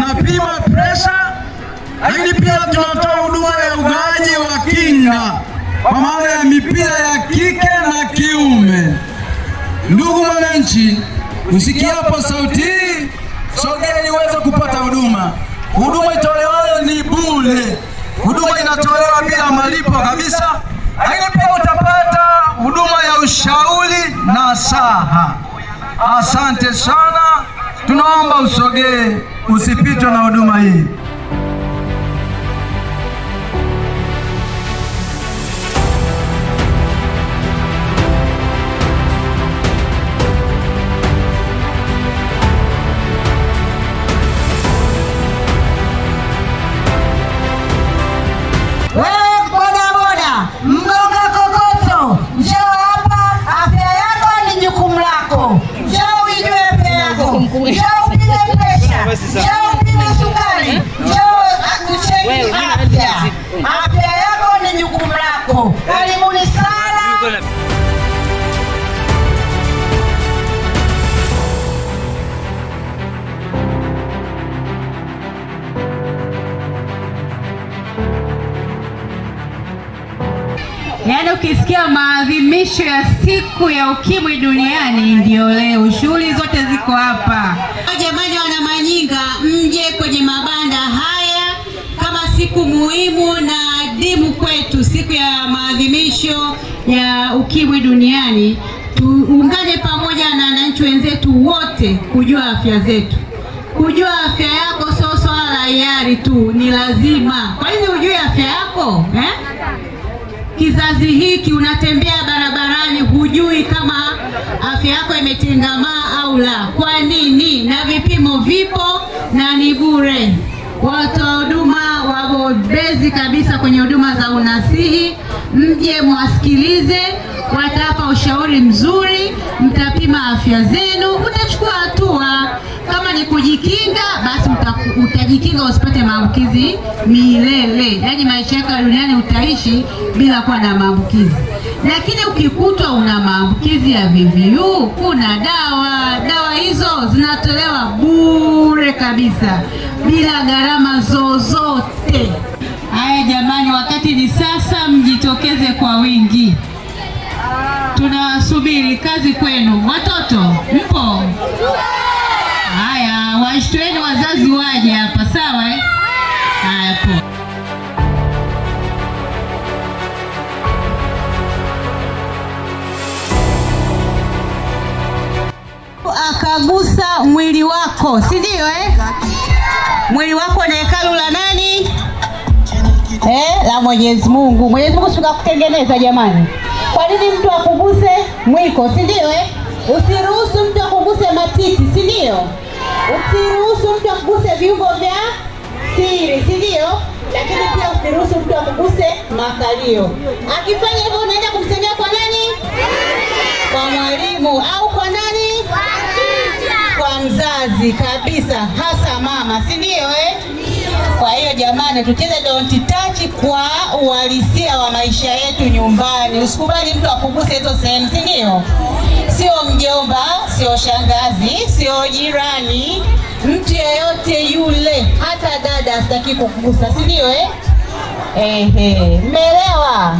tunapima presha, lakini pia tunatoa huduma ya ugawaji wa kinga kwa maana ya mipira ya kike na kiume. Ndugu mwananchi, usikiapo sauti hii, sogea ili uweze kupata huduma. Huduma itolewayo ni bure, huduma inatolewa bila malipo kabisa, lakini pia utapata huduma ya ushauri na saha. Asante sana. Tunaomba usogee, usipitwe na huduma hii. Yaani ukisikia maadhimisho ya siku ya ukimwi duniani ndio leo, shughuli zote ziko hapa. Jamani, wana Manyinga, mje kwenye mabanda haya kama siku muhimu na adimu kwetu, siku ya maadhimisho ya ukimwi duniani. Tuungane pamoja na wananchi wenzetu wote kujua afya zetu. Kujua afya yako sio swala la hiari tu, ni lazima. Kwa nini ujue afya yako eh? kizazi hiki unatembea barabarani, hujui kama afya yako imetengamaa au la. Kwa nini? Na vipimo vipo na ni bure. Watoa huduma wabobezi kabisa kwenye huduma za unasihi, mje mwasikilize, watapa ushauri mzuri, mtapima afya zenu, utachukua hatua. Kama ni kujikinga, basi utajikinga usipate maambukizi milele, yaani maisha yako ya duniani utaishi bila kuwa na maambukizi. Lakini ukikutwa una maambukizi ya VVU, kuna dawa. Dawa hizo zinatolewa bure kabisa, bila gharama zozote. Haya jamani, wakati ni sasa, mjitokeze kwa wingi, tunawasubiri. Kazi kwenu watoto, mpo? washtueni wazazi waje hapa, sawa eh? Haya, poa. Akagusa mwili wako, si ndio eh? Mwili wako na hekalu la nani? Eh, la Mwenyezi Mungu. Mwenyezi Mungu sika kutengeneza jamani. Kwa nini mtu akuguse mwiko, si ndio eh? Usiruhusu mtu akuguse matiti, si ndio? usiruhusu mtu akuguse viungo vya siri, si ndio? Lakini pia usiruhusu mtu akuguse makalio. Akifanya hivyo, unaenda kumsemea kwa nani? Kwa mwalimu au kwa nani? Kwa mzazi kabisa, hasa mama, si ndio eh? Kwa hiyo jamani, tucheze don't touch kwa uhalisia wa maisha yetu nyumbani. Usikubali mtu akuguse hizo sehemu, si ndio? sio mjomba, sio shangazi, sio jirani, mtu yeyote yule, hata dada hataki kukugusa, si ndio eh? Ehe, mmeelewa?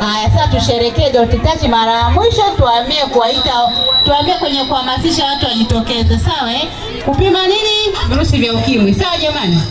Haya, sasa tusherekee Dr. Tachi mara ya mwisho, tuamie kuwaita, tuambie kwenye kuhamasisha watu wajitokeze, sawa eh? Kupima nini? Virusi vya UKIMWI, sawa jamani?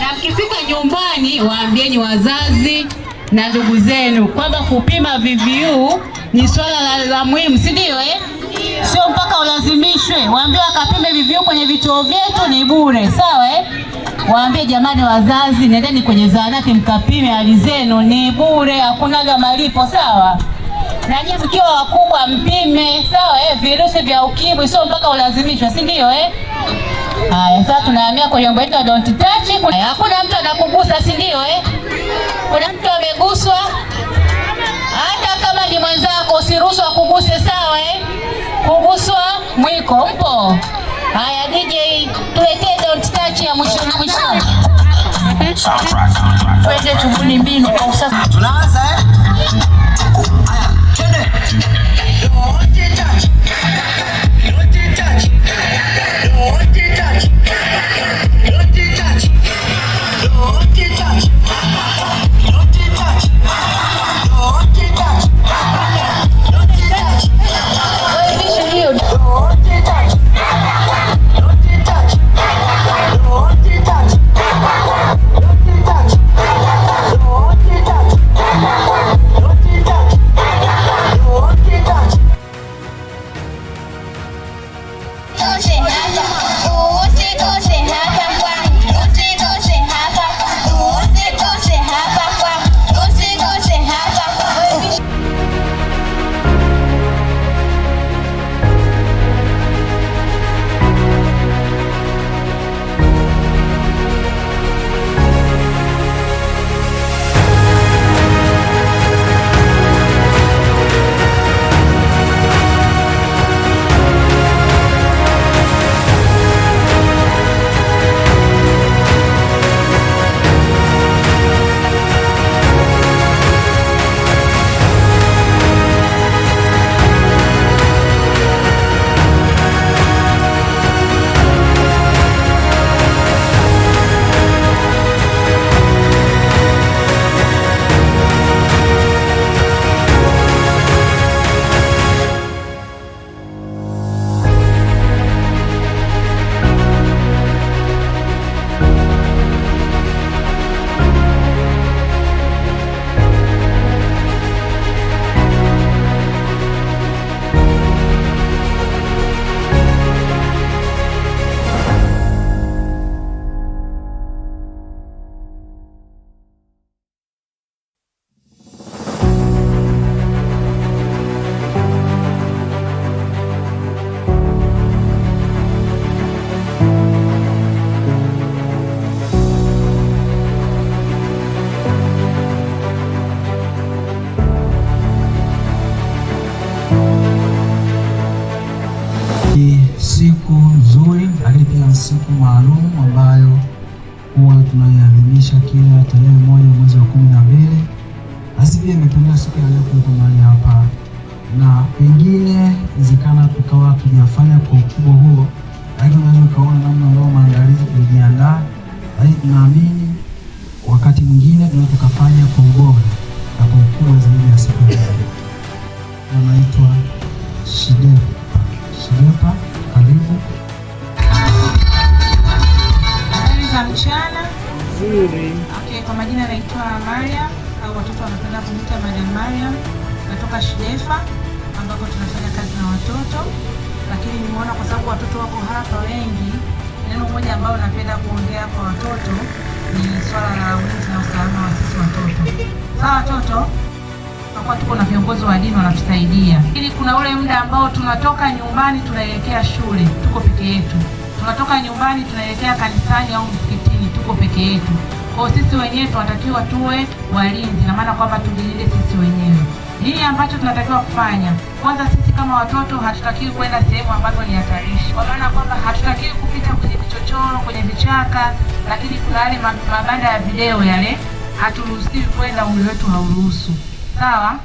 Na mkifika nyumbani, waambieni wazazi na ndugu zenu kwamba kupima VVU ni swala la, la muhimu, si ndio eh? Sio mpaka ulazimishwe, waambie wakapime VVU kwenye vituo vyetu ni bure, sawa eh? Waambie jamani, wazazi, nendeni kwenye zahanati mkapime hali zenu, ni bure, hakunaga malipo, sawa na nyinyi mkiwa wakubwa mpime, sawa eh? Virusi vya ukimwi sio mpaka ulazimishwe, si ndio eh? Haya, sasa tunahamia kwenye mambo yetu, don't touch. Hakuna mtu anakugusa, si ndio eh? Kuna mtu ameguswa, hata kama ni mwenzako usiruhusu akuguse, sawa eh? Kuguswa mwiko mpo. Haya, DJ tuletee don't touch ya mwisho mwisho, twende tubuni mbinu tunaanza eh? Haya, lakini pia siku maalum ambayo huwa tunaiadhimisha kila tarehe moja mwezi wa kumi na mbili. Basi pia siku ya leo kuwepo mahali hapa, na pengine wezekana tukawa tujafanya kwa ukubwa huo, lakini unaweza ukaona namna ambayo maandalizi tulijiandaa, lakini tunaamini wakati mwingine tunaweza tukafanya kwa ubora na kwa ukubwa zaidi ya siku ya leo. Anaitwa Shidepa. Shidepa, karibu. cha mchana nzuri. Okay, kwa majina naitwa maria au watoto wanapenda kuniita Madam Mariam. Natoka Shidefa ambako tunafanya kazi na watoto, lakini nimeona kwa sababu watoto wako hapa wengi, neno moja ambalo napenda kuongea kwa watoto ni swala la ulinzi na usalama wa sisi watoto. Sawa watoto, Kwa tuko na viongozi wa dini wanatusaidia, ili kuna ule muda ambao tunatoka nyumbani tunaelekea shule, tuko peke yetu tunatoka nyumbani tunaelekea kanisani au msikitini, tuko peke yetu. Kwa sisi wenyewe tunatakiwa tuwe walinzi, na maana kwamba tujilinde sisi wenyewe. Nini ambacho tunatakiwa kufanya? Kwanza, sisi kama watoto hatutakiwi kwenda sehemu ambazo ni hatarishi, kwa maana kwamba hatutakiwi kupita kwenye vichochoro, kwenye vichaka, lakini kuna yale mabanda ya video yale haturuhusiwi kwenda, umri wetu hauruhusu. Sawa.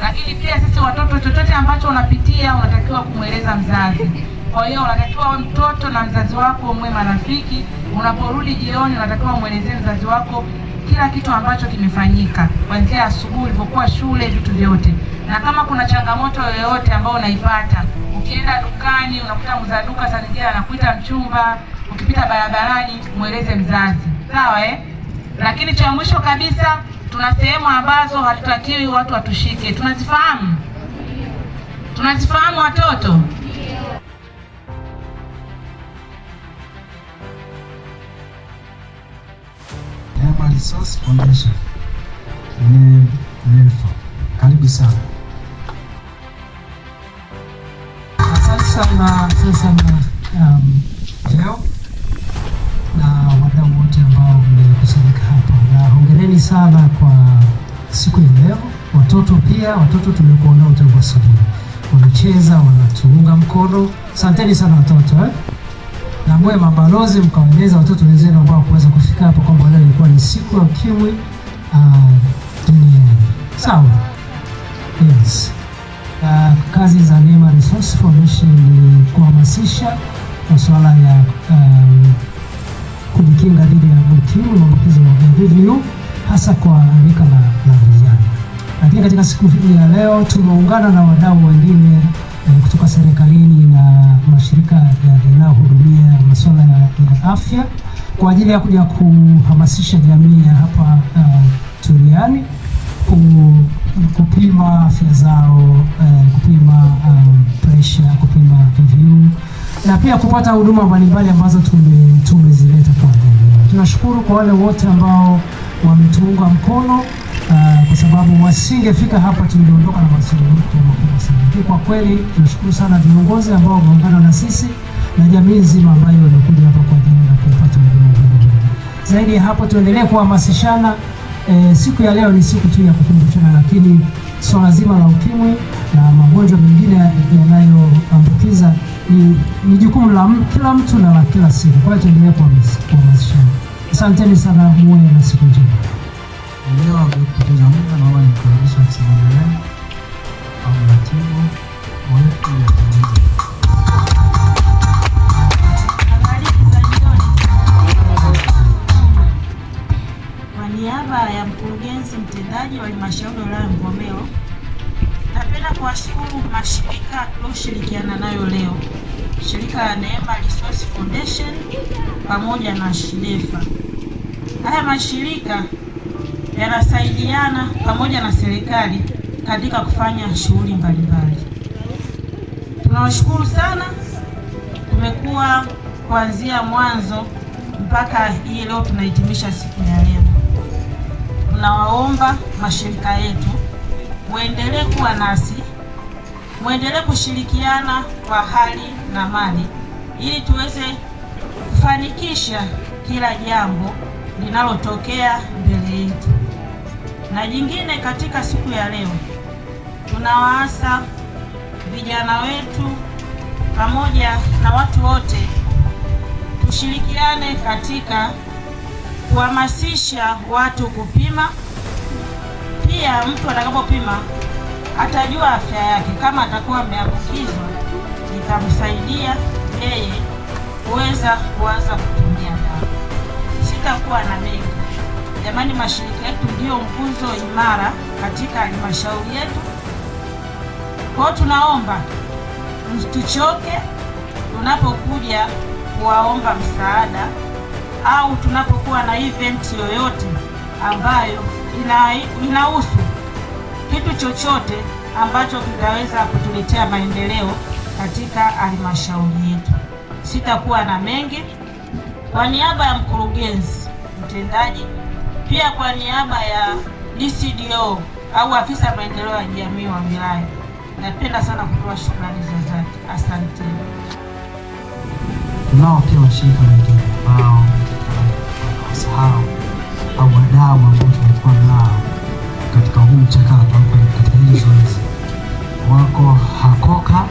Lakini pia sisi watoto, chochote ambacho unapitia unatakiwa kumweleza mzazi kwa hiyo unatakiwa mtoto na mzazi wako mwe marafiki. Unaporudi jioni, unatakiwa mwelezee mzazi wako kila kitu ambacho kimefanyika kuanzia asubuhi ulivyokuwa shule, vitu vyote, na kama kuna changamoto yoyote ambayo unaipata ukienda dukani, unakuta mzaduka duka saa nyingine anakuita mchumba, ukipita barabarani, mweleze mzazi, sawa eh? Lakini cha mwisho kabisa, tuna sehemu ambazo hatutakiwi watu watushike. Tunazifahamu, tunazifahamu watoto Resource Foundation. Ni NELFA. Karibu sana. Asante sana, asante sana. Um, leo na wadau wote ambao mmekusanyika hapa na hongereni sana kwa siku ya leo. Watoto pia, watoto tumekuona tangu asubuhi wanacheza, wanatuunga mkono. Asanteni sana watoto eh? mwe mabalozi mkaongeza watoto wenzenu ambao kuweza kufika hapa, kwamba leo ilikuwa ni siku ya ukimwi ah, duniani. Sawa, yes. Uh, kazi za Neema Resource Foundation ni kuhamasisha masuala ya um, kujikinga dhidi ya ukimwi, maambukizi ya VVU hasa kwa rika la vijana, lakini katika siku hii ya leo tumeungana na wadau wengine Eh, kutoka serikalini na mashirika yanayohudumia masuala ya afya kwa ajili ya kuja kuhamasisha jamii ya hapa uh, Turiani kupima afya zao, uh, kupima um, pressure, kupima VVU na pia kupata huduma mbalimbali ambazo tumezileta tume kwa. Tunashukuru kwa wale wote ambao wametuunga mkono. Eh, kwa sababu wasingefika hapa, tungeondoka na masilimiko makubwa sana. Kwa kweli tunashukuru sana viongozi ambao wameungana na sisi na jamii nzima ambayo wamekuja hapa kwa ajili ya kupata huduma. Zaidi ya hapo, tuendelee kuhamasishana. E, siku ya leo ni siku tu ya kukumbushana, lakini swala zima la ukimwi na magonjwa mengine yanayoambukiza ni, ni jukumu la kila mtu na la kila siku. Kwa hiyo tuendelee kuhamasishana. Asanteni sana, muwe na siku njema. Eneo amepoteza muda, naomba nikaribisha tuendelee au mratibu wetu wa kanisa. Kwa niaba ya mkurugenzi mtendaji wa halmashauri ya wilaya Mvomero, napenda kuwashukuru mashirika tulioshirikiana nayo leo, shirika la Neema Resource Foundation pamoja na Shidefa. Haya mashirika yanasaidiana pamoja na serikali katika kufanya shughuli mbalimbali. Tunawashukuru sana, tumekuwa kuanzia mwanzo mpaka hii leo tunahitimisha siku ya leo. Tunawaomba mashirika yetu muendelee kuwa nasi, muendelee kushirikiana kwa hali na mali ili tuweze kufanikisha kila jambo linalotokea mbele yetu. Na jingine katika siku ya leo, tunawaasa vijana wetu pamoja na watu wote tushirikiane katika kuhamasisha watu kupima. Pia mtu atakapopima atajua afya yake, kama atakuwa ameambukizwa itamsaidia yeye kuweza kuanza kutumia dawa. Sitakuwa na mengi Jamani, mashirika yetu ndiyo nguzo imara katika halmashauri yetu. Kwa tunaomba msituchoke tunapokuja kuwaomba msaada au tunapokuwa na event yoyote ambayo inahusu kitu chochote ambacho kitaweza kutuletea maendeleo katika halmashauri yetu. Sitakuwa na mengi. Kwa niaba ya mkurugenzi mtendaji pia kwa niaba ya DCDO au afisa maendeleo ya jamii wa wilaya, napenda sana kutoa shukrani za dhati, asante. Nao pia washirika wengine ambao wasahau au wadau ambao tumekuwa nao katika huu mchakato katika hili zoezi, wako hakoka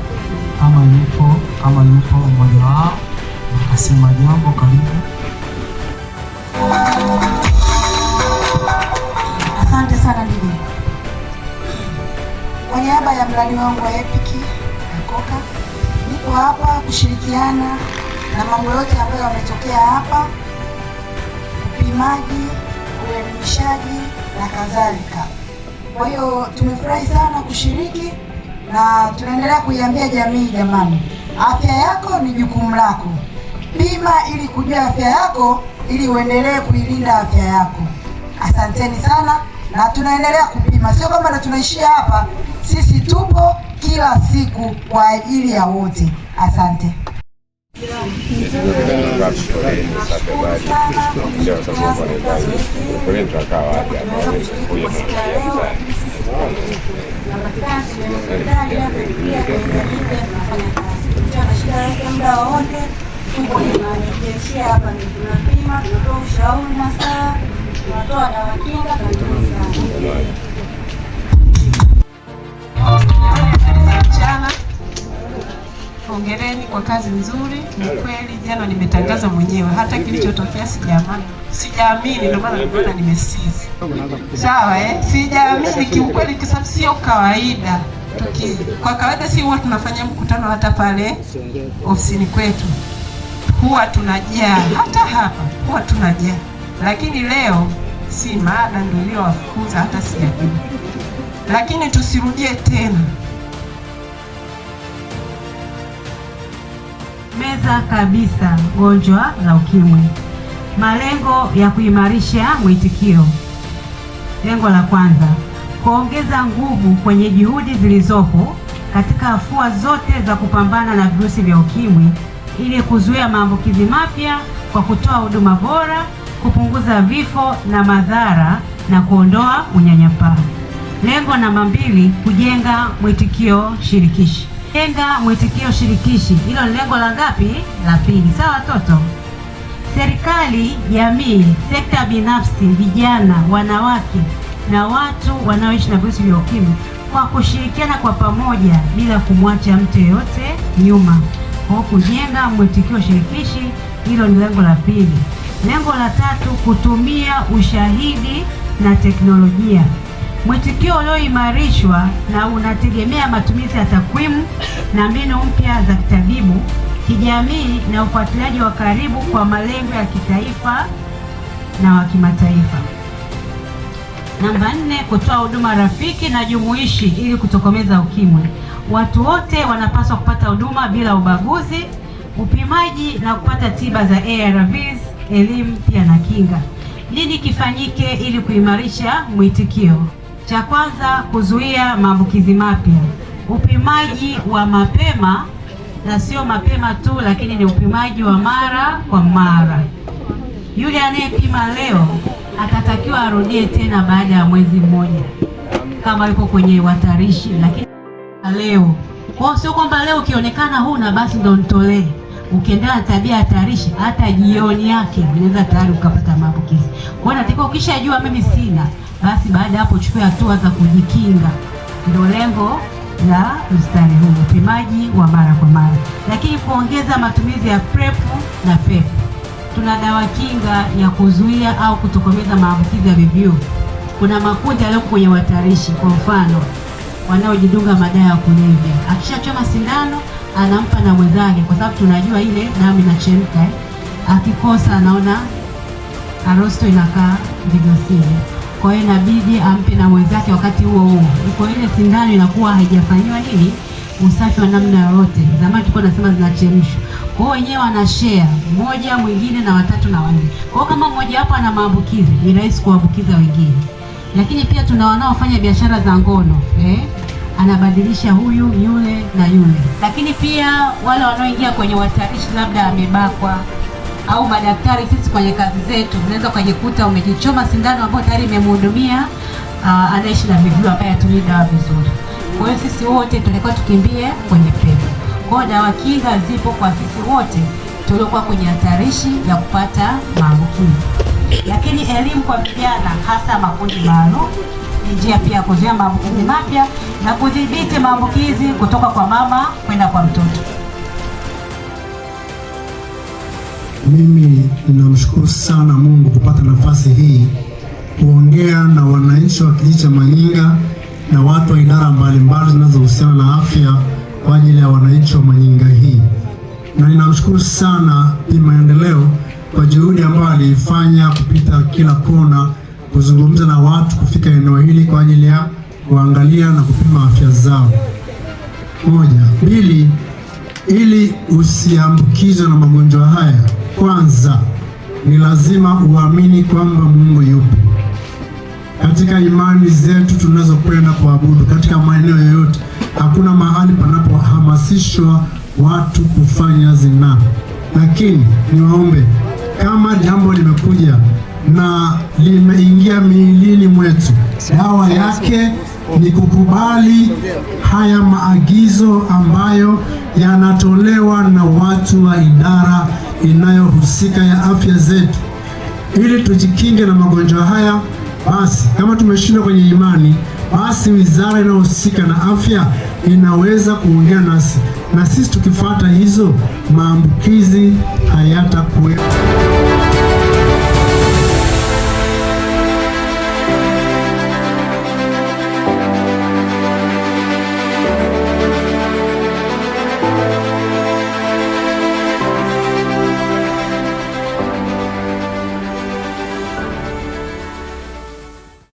kama yupo kama yupo mmoja wao akasema jambo, karibu Kwa niaba ya mradi wangu wa EPIC Nakoka, niko hapa kushirikiana na mambo yote ambayo yametokea hapa, upimaji, uelimishaji na kadhalika. Kwa hiyo tumefurahi sana kushiriki na tunaendelea kuiambia jamii, jamani, afya yako ni jukumu lako. Pima ili kujua afya yako, ili uendelee kuilinda afya yako. Asanteni sana, na tunaendelea kupima, sio kwamba na tunaishia hapa. Sisi tupo kila siku kwa ajili ya wote. Asante. sana. Hongereni kwa kazi nzuri. Ni kweli jana nimetangaza mwenyewe, hata kilichotokea sijaamini, sijaamini, ndio maana niliona nimesizi. Sawa eh? Sijaamini kiukweli, kwa sababu sio kawaida. Tuki, kwa kawaida si huwa tunafanya mkutano hata pale ofisini kwetu huwa tunajaa, hata hapa huwa tunajaa, lakini leo si mada ndio iliyowafukuza hata sijajua, lakini tusirudie tena. meza kabisa gonjwa la ukimwi. Malengo ya kuimarisha mwitikio. Lengo la kwanza, kuongeza nguvu kwenye juhudi zilizopo katika afua zote za kupambana na virusi vya ukimwi ili kuzuia maambukizi mapya kwa kutoa huduma bora, kupunguza vifo na madhara na kuondoa unyanyapaa. Lengo namba mbili, kujenga mwitikio shirikishi. Jenga mwitikio shirikishi, hilo ni lengo la ngapi? La pili. Sawa watoto? Serikali, jamii, sekta binafsi, vijana, wanawake na watu wanaoishi na virusi vya ukimwi kwa kushirikiana kwa pamoja bila kumwacha mtu yeyote nyuma. Kwa kujenga mwitikio shirikishi, hilo ni lengo la pili. Lengo la tatu, kutumia ushahidi na teknolojia mwitikio ulioimarishwa na unategemea matumizi ya takwimu na mbinu mpya za kitabibu, kijamii na ufuatiliaji wa karibu kwa malengo ya kitaifa na wa kimataifa. Namba nne, kutoa huduma rafiki na jumuishi ili kutokomeza ukimwi. Watu wote wanapaswa kupata huduma bila ubaguzi, upimaji na kupata tiba za ARVs, elimu pia na kinga. Nini kifanyike ili kuimarisha mwitikio? Cha kwanza, kuzuia maambukizi mapya, upimaji wa mapema na sio mapema tu, lakini ni upimaji wa mara kwa mara. Yule anayepima leo atatakiwa arudie tena baada ya mwezi mmoja kama yuko kwenye watarishi, lakini leo kwao, sio kwamba leo ukionekana huna basi ndo nitolee. Ukiendelea na tabia hatarishi, hata jioni yake unaweza tayari ukapata maambukizi. Kwa hiyo natakiwa ukishajua mimi sina basi baada ya hapo chukua hatua za kujikinga. Ndio lengo la mstari huu, upimaji wa mara kwa mara, lakini kuongeza matumizi ya PrEP na PEP. Tuna dawa kinga ya kuzuia au kutokomeza maambukizi ya VVU. Kuna makundi yaliyo kwenye watarishi, kwa mfano wanaojidunga madawa ya kulevya, akishachoma sindano anampa na mwenzake, kwa sababu tunajua ile damu inachemka eh. Akikosa anaona arosto inakaa sivyo kwa hiyo inabidi ampe na mwenzake wakati huo huo. Kwa ile sindano inakuwa haijafanyiwa nini usafi wa namna yoyote. Zamani tulikuwa nasema zinachemshwa. Kwa hiyo wenyewe wana share mmoja mwingine na watatu na wanne. Kwa hiyo kama mmoja hapo ana maambukizi, ni rahisi kuambukiza wengine. Lakini pia tuna wanaofanya biashara za ngono eh? Anabadilisha huyu yule na yule, lakini pia wale wanaoingia kwenye watarishi, labda amebakwa au madaktari sisi kwenye kazi zetu, unaweza ukajikuta umejichoma sindano ambayo tayari imemhudumia uh, anaishi na miguu ambaye hatumii dawa vizuri. Kwa hiyo sisi wote tulikuwa tukimbie kwenye pepo. Kwa hiyo dawa kinga zipo kwa sisi wote tuliokuwa kwenye hatarishi ya kupata maambukizi, lakini elimu kwa vijana, hasa makundi maalum njia pia ya kuzuia maambukizi mapya na kudhibiti maambukizi kutoka kwa mama kwenda kwa mtoto. Mimi ninamshukuru sana Mungu kupata nafasi hii kuongea na wananchi wa kijiji cha Manyinga na watu wa idara mbalimbali zinazohusiana na afya kwa ajili ya wananchi wa Manyinga hii, na ninamshukuru sana Bi Maendeleo kwa juhudi ambayo aliifanya kupita kila kona, kuzungumza na watu, kufika eneo hili kwa ajili ya kuangalia na kupima afya zao. Moja, mbili, ili usiambukizwe na magonjwa haya kwanza ni lazima uamini kwamba Mungu yupo. Katika imani zetu tunazokwenda kuabudu katika maeneo yoyote, hakuna mahali panapohamasishwa watu kufanya zinaa, lakini niwaombe, kama jambo limekuja na limeingia miilini mwetu, dawa yake ni kukubali haya maagizo ambayo yanatolewa na watu wa idara inayohusika ya afya zetu ili tujikinge na magonjwa haya. Basi kama tumeshindwa kwenye imani, basi wizara inayohusika na afya inaweza kuongea nasi, na sisi tukifuata hizo maambukizi hayatakuwepo.